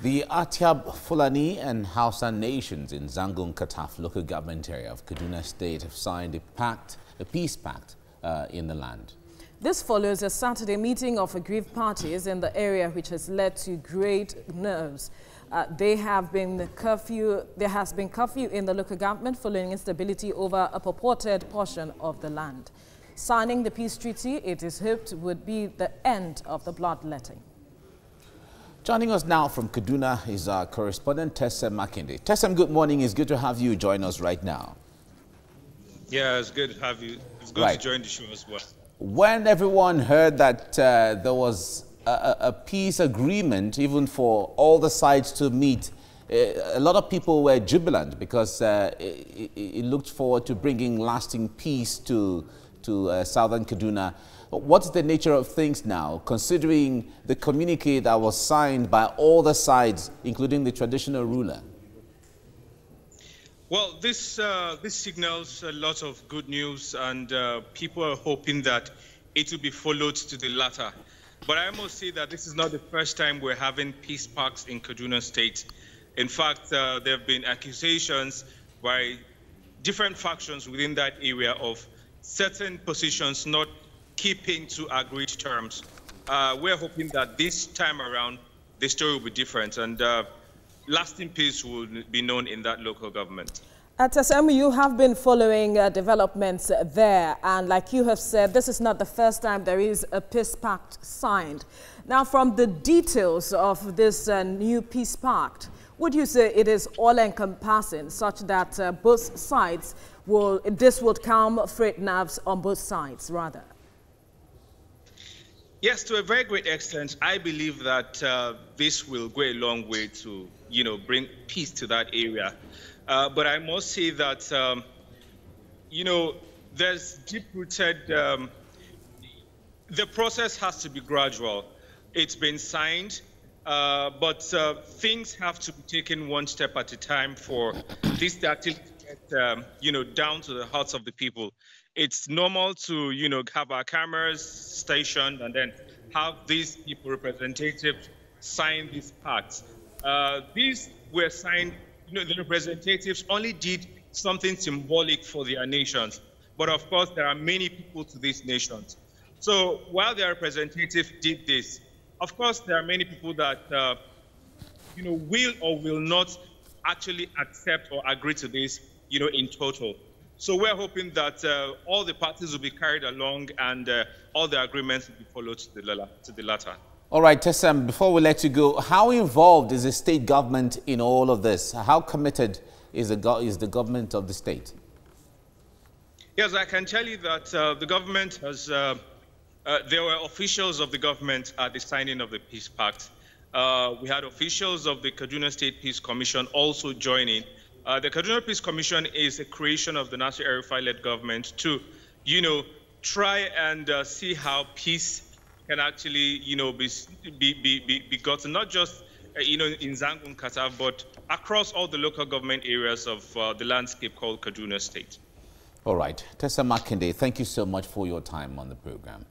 The Atyab Fulani and Hausa nations in Zangun Kataf local government area of Kaduna State have signed a pact, a peace pact uh, in the land. This follows a Saturday meeting of aggrieved parties in the area which has led to great nerves. Uh, they have been curfew, there has been curfew in the local government following instability over a purported portion of the land. Signing the peace treaty, it is hoped, would be the end of the bloodletting. Joining us now from Kaduna is our correspondent Tessem Makinde. Tessem, good morning. It's good to have you join us right now. Yeah, it's good to have you. It's good right. to join the show as well. When everyone heard that uh, there was a, a, peace agreement, even for all the sides to meet, uh, a lot of people were jubilant because uh, it, it, looked forward to bringing lasting peace to to uh, southern Kaduna. What's the nature of things now, considering the communique that was signed by all the sides, including the traditional ruler? Well, this, uh, this signals a lot of good news, and uh, people are hoping that it will be followed to the latter. But I must say that this is not the first time we're having peace parks in Kaduna State. In fact, uh, there have been accusations by different factions within that area of certain positions not keeping to agreed terms. Uh, we're hoping that this time around the story will be different and uh, lasting peace will be known in that local government. Uh, At SMU, you have been following uh, developments there, and like you have said, this is not the first time there is a peace pact signed. Now, from the details of this uh, new peace pact, would you say it is all-encompassing, such that uh, both sides will, this would calm frayed nerves on both sides, rather? Yes, to a very great extent, I believe that uh, this will go a long way to, you know, bring peace to that area. Uh, but I must say that, um, you know, there's deep-rooted. Um, the process has to be gradual. It's been signed, uh, but uh, things have to be taken one step at a time for this to get um, you know down to the hearts of the people. It's normal to you know have our cameras stationed and then have these people representatives sign these pacts. Uh, these were signed. You know, the representatives only did something symbolic for their nations, but of course there are many people to these nations. So while their representative did this, of course there are many people that uh, you know will or will not actually accept or agree to this you know, in total. So we're hoping that uh, all the parties will be carried along and uh, all the agreements will be followed to the, to the latter. All right, Tessam, before we let you go, how involved is the state government in all of this? How committed is the, is the government of the state? Yes, I can tell you that uh, the government has, uh, uh, there were officials of the government at the signing of the peace pact. Uh, we had officials of the Kaduna State Peace Commission also joining. Uh, the Kaduna Peace Commission is a creation of the Nasir Erifai-led government to, you know, try and uh, see how peace can actually, you know, be be be, be gotten not just uh, you know in Zangun Qatar, but across all the local government areas of uh, the landscape called Kaduna State. All right, Tessa Makinde, thank you so much for your time on the program.